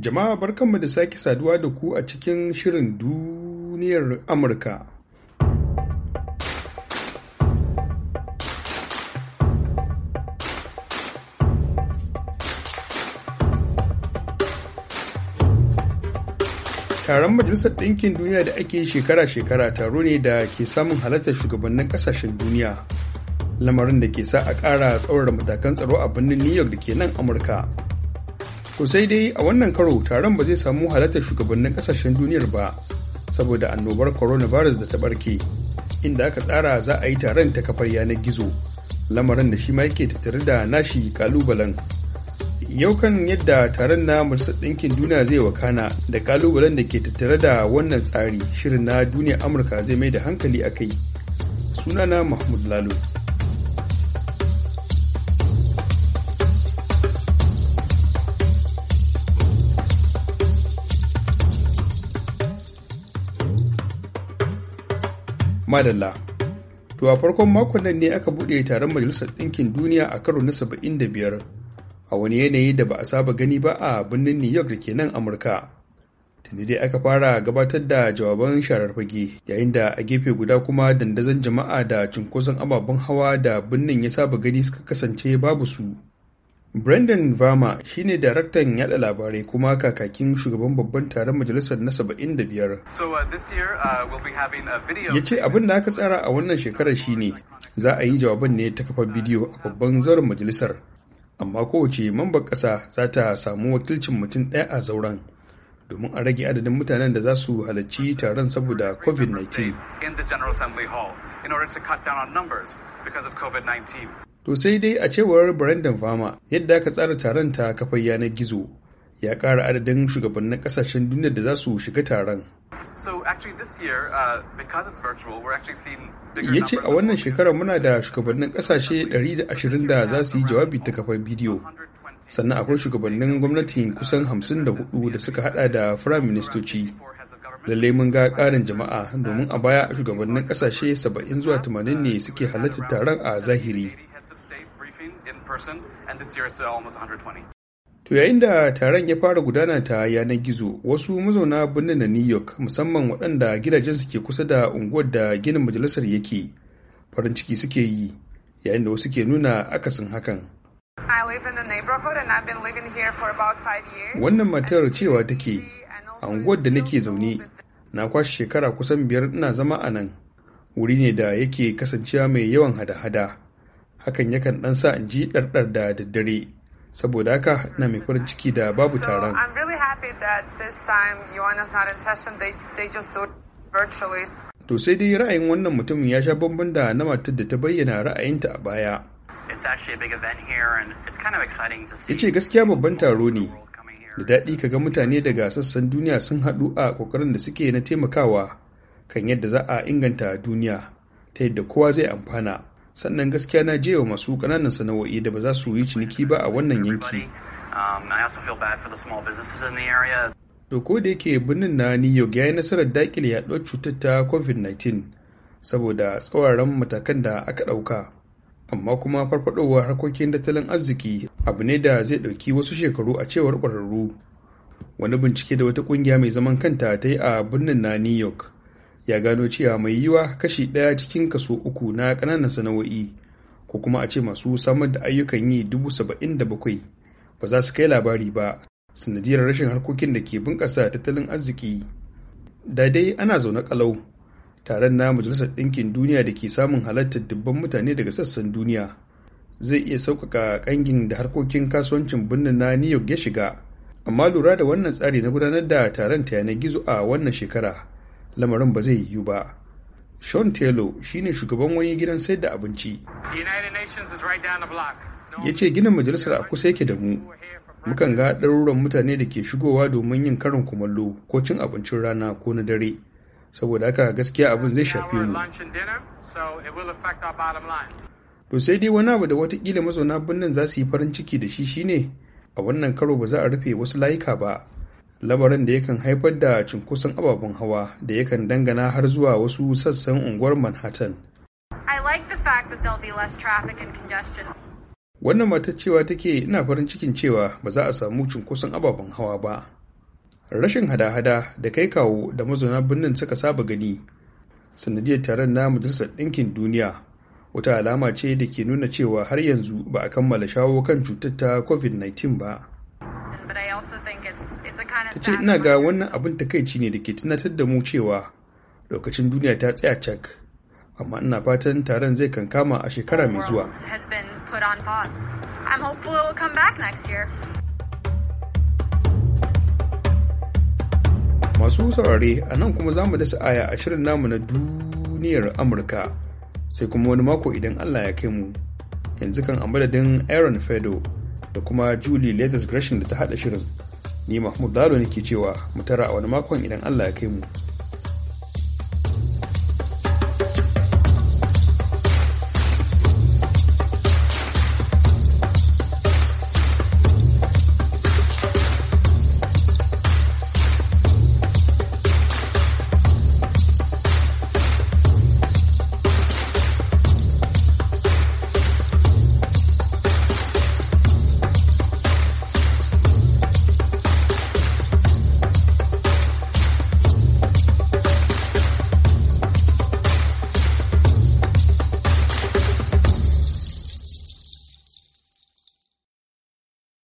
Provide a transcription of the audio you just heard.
Jama'a barkanmu da sake saduwa da ku a cikin shirin duniyar Amurka. Taron Majalisar Ɗinkin Duniya da ake shekara-shekara taro ne da ke samun halartar shugabannin ƙasashen duniya. Lamarin da ke sa a ƙara tsaurara matakan tsaro a birnin New York da ke nan Amurka. To sai dai a wannan karo taron ba zai samu halartar shugabannin kasashen duniyar ba saboda annobar coronavirus da ta barke inda aka tsara za a yi taron ta kafar yanar gizo lamarin da shi ma yake tattare da nashi kalubalen. Yau kan yadda taron na Majalisar Ɗinkin Duniya zai wakana da kalubalen da ke tattare da wannan tsari shirin na duniyar Amurka zai mai da hankali a kai. Sunana Mahmud Lalo. madalla to a farkon makon nan ne aka buɗe taron majalisar ɗinkin duniya a karo na 75 a wani yanayi da ba a saba gani ba a birnin new york da ke nan amurka tuni dai aka fara gabatar da jawaban sharar fage yayin da a gefe guda kuma dandazon jama'a da cunkoson ababen hawa da birnin ya saba gani suka kasance babu su Brendan Verma shine daraktan yada labarai kuma kakakin shugaban babban taron majalisar na 75. Uh, uh, ya ce abin da aka tsara a wannan shekarar shi ne, za a yi jawaban ne ta kafar bidiyo a babban zauren majalisar. Amma kowace mambar ƙasa za ta samu wakilcin mutum ɗaya a zauren domin a rage adadin mutanen da za su halarci taron saboda COVID-19. To sai dai a cewar Brandon Fama yadda aka tsara taron ta kafar yanar gizo ya ƙara adadin shugabannin ƙasashen duniya da za su shiga taron. Uh, ya ce a wannan shekarar muna da shugabannin ƙasashe 120 da za su yi jawabi ta kafar bidiyo. Sannan akwai shugabannin gwamnati kusan 54 da suka hada da firayim ministoci. Lallai mun ga ƙarin jama'a domin a baya shugabannin ƙasashe 70 zuwa 80 ne suke halartar taron a zahiri. in uh, To yayin da taron ya fara gudana ta yanar gizo wasu mazauna birnin na New York musamman waɗanda gidajen suke kusa da unguwar da ginin majalisar yake farin ciki suke yi yayin da wasu ke nuna akasin hakan. Wannan matar cewa take a unguwar da nake zaune na kwashe shekara kusan biyar ina zama a nan wuri ne da yake kasancewa mai yawan hada-hada hakan yakan ɗan sa in ji ɗarɗar da daddare saboda haka na mai farin ciki da babu taron to sai dai ra'ayin wannan mutumin ya sha bambam da na matar da ta bayyana ra'ayinta a baya ya ce gaskiya babban taro ne da daɗi ka ga mutane daga sassan duniya sun haɗu a ƙoƙarin da suke na taimakawa kan yadda za a inganta duniya ta yadda kowa zai amfana sannan gaskiya na je wa masu ƙananan sana'o'i da ba za su yi ciniki ba a wannan yanki um, to ko da yake birnin na new york ya yi nasarar dakile yaɗuwar cutar ta covid-19 saboda tsawaran matakan da aka ɗauka amma kuma farfadowar harkokin tattalin arziki abu ne da zai ɗauki wasu shekaru a cewar ƙwararru wani bincike da wata ƙungiya mai zaman kanta ta yi a birnin na new york ya gano cewa mai yiwa kashi ɗaya cikin kaso uku na ƙananan sana'o'i ko kuma a ce masu samar da ayyukan yi dubu saba'in da bakwai ba za su kai labari ba sanadiyar rashin harkokin da ke bunƙasa tattalin arziki da dai ana zaune kalau taron na majalisar ɗinkin duniya da ke samun halartar dubban mutane daga sassan duniya zai iya sauƙaƙa ƙangin da harkokin kasuwancin birnin na new york ya shiga amma lura da wannan tsari na gudanar da taron ta yanar gizo a wannan shekara lamarin ba zai yiwu ba sean taylor ne shugaban wani gidan sayar da abinci ya ce ginin majalisar a kusa yake da mu mukan ga ɗaruran mutane da ke shigowa domin yin karin kumallo ko cin abincin rana ko na dare saboda haka gaskiya abin zai shafi mu to sai dai wani abu da watakila mazauna birnin za su yi farin ciki da shi shine a wannan karo ba za a rufe wasu layuka ba lamarin da yakan haifar da cunkoson ababen hawa da yakan dangana har zuwa wasu sassan unguwar manhattan wannan mata cewa take ina farin cikin cewa ba za a samu cunkoson ababen hawa ba rashin hada-hada da kai kawo da mazauna birnin suka saba gani sanadiyar taron na majalisar ɗinkin duniya wata alama ce da ke nuna cewa har yanzu ba a kammala shawo kan cutar ta covid-19 ba ta ce ina ga wannan abin takaici ne da ke tunatar da mu cewa lokacin duniya ta tsaya cak amma ina fatan taron zai kankama a shekara mai zuwa masu saurare a nan kuma za mu dasa aya a shirin namu na duniyar amurka sai kuma wani mako idan allah ya kai mu yanzu kan a madadin aaron fedo da kuma julie latest gresham da ta hada shirin ni mahmud lalo ke cewa mu tara a wani makon idan allah ya kai mu